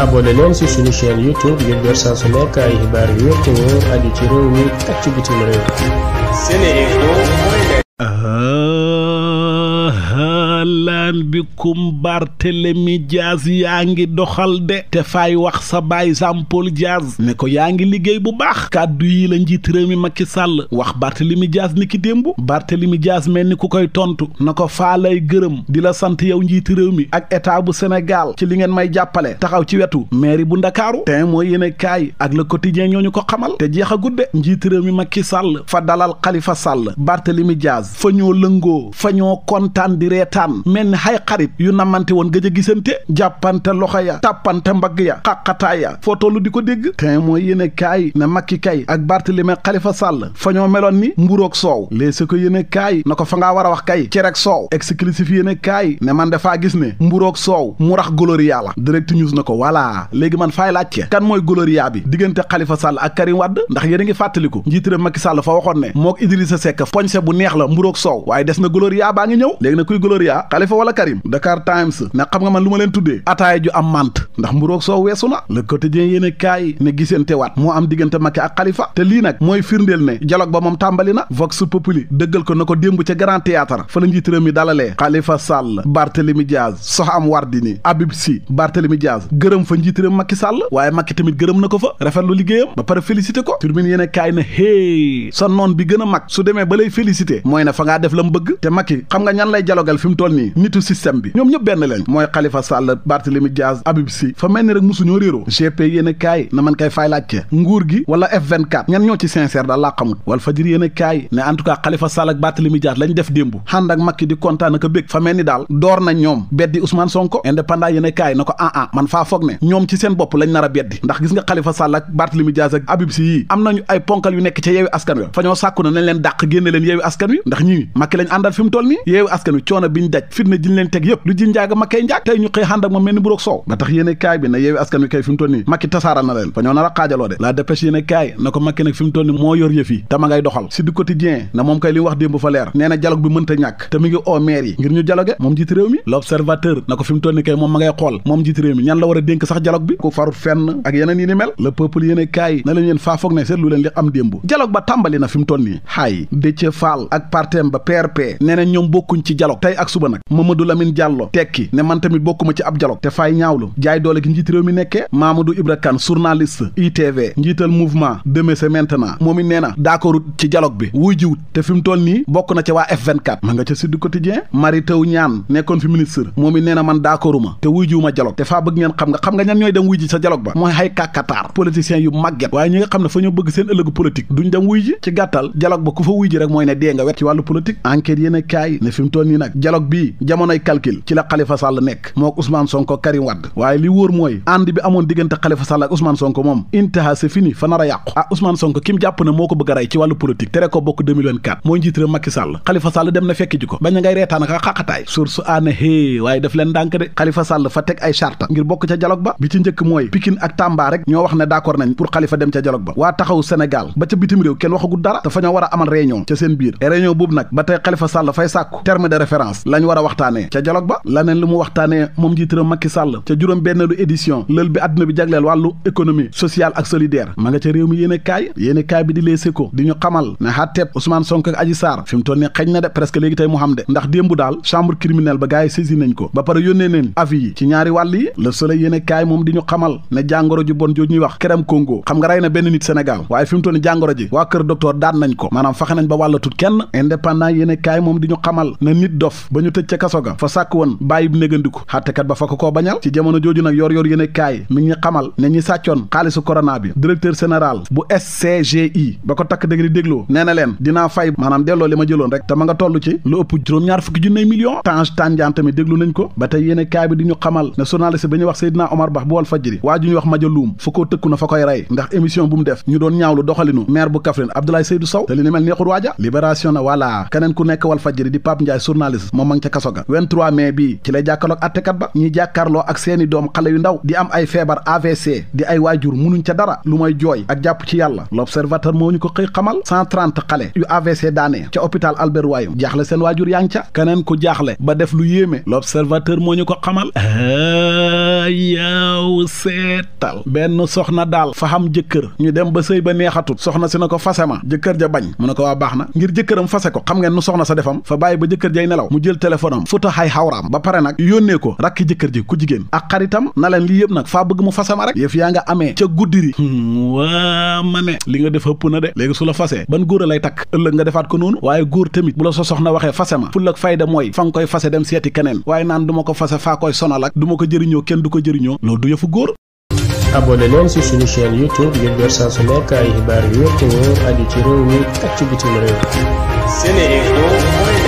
abonné leen ci suñu chaîne YouTube ngir jot saa su nekk ay xibaar yu wér ci réew ci bitim walaan bikum Barthélemy Dias yaa ngi doxal de te fay wax sa baay Jean Paul Dias ne ko yaa ngi liggéey bu baax kàddu yi la njiit réew mi Macky Sall wax Barthélemy jaas ni ki démb Barthélemy Dias mel ni ku koy tontu na ko faa gërëm di la sant yow njiiti réew mi ak état bu senegaal ci li ngeen may jàppale taxaw ci wetu mairie bu Ndakaaru te mooy yéene kaay ak le quotidien ñoo ñu ko xamal te jeex a gudde njiiti réew mi Macky Sall fa dalal xalifa Sall Barthélemy am mel ni xay xarit yu namante woon gëj a gisante jàppante loxo ya tàppante mbagg ya xaqataay ya foo tollu di ko dégg tey mooy yéene kaay ne Macky kay ak Barthélémy xalifa Sall fa ñoo meloon ni mburoog soow léeg si ko yéene kaay na ko fa nga war a wax kay ci rek soow exclusif yéene kaay ne man dafaa gis ne mburoog soow mu rax Gloria la direct news na ko voilà léegi man faay laajte kan mooy Gloria bi diggante Khalifa Sall ak Karim Wade ndax yéen a ngi fàttaliku njiitiram Macky Sall fa waxoon ne mook Idrissa Seck poñse bu neex la mburoog soow waaye des na Gloria baa ngi ñëw ah Khalifa wala Karim Dakar Times ne xam nga man lu ma leen tuddee ataay ju am mant ndax mburoog soow weesu na le quotidien yéene kaay ne gisante waat moo am diggante Macky ak Khalifa te lii nag mooy firndeel ne dialogue ba moom tàmbali na Vox Populi dëggal ko na ko démb ca Grand Théâtre fa la njiit réew mi dalalee Khalifa Sall Barthélemy Diaz Soham Wardini Habib Sy Barthélemy gërëm fa njiit réew Macky waaye Macky tamit gërëm na ko fa rafetlu liggéeyam ba pare félicité ko turbine yéene a toll nii nitu système bi ñoom ñëpp benn lañ mooy Khalifa Sall Barthélemy Diaz Habib Sy fa mel ni rek réeroo gp yéen na man kay fay laajte nguur gi wala f ñan ñoo ci sincère daal laa xamut wal fajir yéen ne en tout cas ak Barthélemy Diaz lañ def démb ànd ak Macky di kontaan ak a bég fa mel daal door na ñoom beddi Ousmane Sonko indépendant yéen kaay na ko ah ah man faa foog ne ñoom ci seen bopp lañ nar a beddi ndax daj fitna jiñ leen teg yëpp lu ji njaaga makkay njaag tey ñu xëy xànd ak moom mel ni buroog soow ba tax yéene kaay bi na yeewi askan wi kay fi mu nii makki tasaaral na leen fa ñoo nar a xaajaloo de la dépêche yéene kaay na ko makki nag fi mu nii moo yor yëf te ma ngay doxal si du quotidien na moom kay li wax démb fa leer nee na dialogue bi mënta ñàkk te mi ngi oo maire ngir ñu dialogue moom jiit réew mi l'observateur na ko fi mu nii kay moom ma ngay a dénk sax dialogue bi ku farut fenn nag Mamadou Lamine Diallo tekki ne man tamit bokkuma ci ab dialogue te fay ñaawlu jaay doole gi njiit réew mi nekkee Mamadou Ibra Kane journaliste ITV njiital mouvement Demain c'est maintenant moom it nee na d'accordut ci dialogue bi wuy jiwut te fi mu nii bokk na ca waa F24 ma nga ca Sud Quotidien Mary Teuw Niane nekkoon fi ministre moom it nee na man d'accorduma te wuy jiwuma dialogue te faa bëgg ngeen xam nga xam nga ñan ñooy dem wuy ji sa dialogue a bii jamonoy calcul ci la Khalifa Sall nekk mook Ousmane Sonko Karim Wade waaye li wóor mooy ànd bi amoon diggante Khalifa Sall ak Ousmane Sonko moom intaha fini fa nar a yàqu ah Ousmane Sonko ki mu jàpp ne moo ko bëgg a rey ci wàllu politique tere ko bokk 2024 mooy njiit réew Macky Sall Khalifa dem na fekki ko bañ a ngay reetaan ak xaqataay source aane hée waaye daf leen dànk de Khalifa Sall fa teg ay charte ngir bokk ca dialogue ba bi ci njëkk mooy a lañ war a waxtaanee ca dialogue ba laneen lu mu waxtaanee moom njiitëram Macky Sall ca juróom benneelu édition lël bi àdduna bi jagleel wàllu économie sociale ak solidaire ma nga ca réew mi yéene kaay yéene kaay bi di lee seko di ñu xamal na xatteeb Ousmane Sonko ak Adji Sarr fi mu toll ni xeeñ na de presque léegi tey mu xam de ndax démbu daal chambre criminelle ba gars yi saisi nañ ko ba pare yónnee neen avis yi ci ñaari wàll yi le soleil yéene kaay moom di ñu xamal bon jooju ñuy wax kerem Congo xam nga na benn ni jàngoro ji waa kër docteur daan nañ ko maanaam faxe nañ ba wàllatut kenn indépendant yéene moom di ñu xamal ñu tëj ca kaso ga fa sàkk woon bàyyi négandiku xàttekat ba fa ko koo bañal ci jamono jooju nag yor yor yéen kaay mi ngi xamal ne ñi sàccoon xaalisu corona bi directeur général bu SCGI ba ko takk dégg dégloo nee leen dinaa fay maanaam delloo li ma jëloon rek te ma nga toll ci lu ëpp juróom-ñaar fukki junney million tange tànjaan tamit déglu nañ ko ba tey yéen kaay bi di xamal ne journaliste bi ñuy wax Seydina Omar Ba bu wal fajri waa ju ñuy nekkoon ca kaso ga 23 mai bii ci lay jàkkaarloog attekat ba ñuy jàkkaarloo ak seeni doom xale yu ndaw di am ay feebar AVC di ay waajur munuñ ca dara lu may jooy ak jàpp ci yàlla l'observateur moo ñu ko xëy xamal 130 xale yu AVC daanee ca hôpital Albert Royum jaaxle seen waajur yaa ngi ca keneen ku jaaxle ba def lu yéeme l'observateur moo ñu ko xamal yaaw seetal benn soxna daal fa xam jëkkër ñu dem ba sëy ba neexatut soxna si na ko fase ma jëkkër ja bañ mu ko waa baax na ngir jëkkëram fase ko xam ngeen nu soxna sa defam fa bàyyi téléphone am futa xay xawraam ba pare nag yónnee ko rakk jëkkër ji ku jigéen ak xaritam na leen lii yëpp nag faa bëgg mu fasama rek yëf yaa nga amee ca guddiri hmm, waa ma ne li nga def ëpp na de léegi su la fasee ban góor lay takk ëllëg nga defaat ko noonu waaye góor tamit bu la sa soxna waxee fase ma ful ak fayda mooy fa nga koy fase dem seeti keneen waaye naan du ko fase faa koy sonal ak du ma ko jëriñoo kenn du ko jëriñoo loolu du yëfu góor abonné leen ci suñu chaîne youtube ngir jot saa su yu wér te wóor aju ci réew mi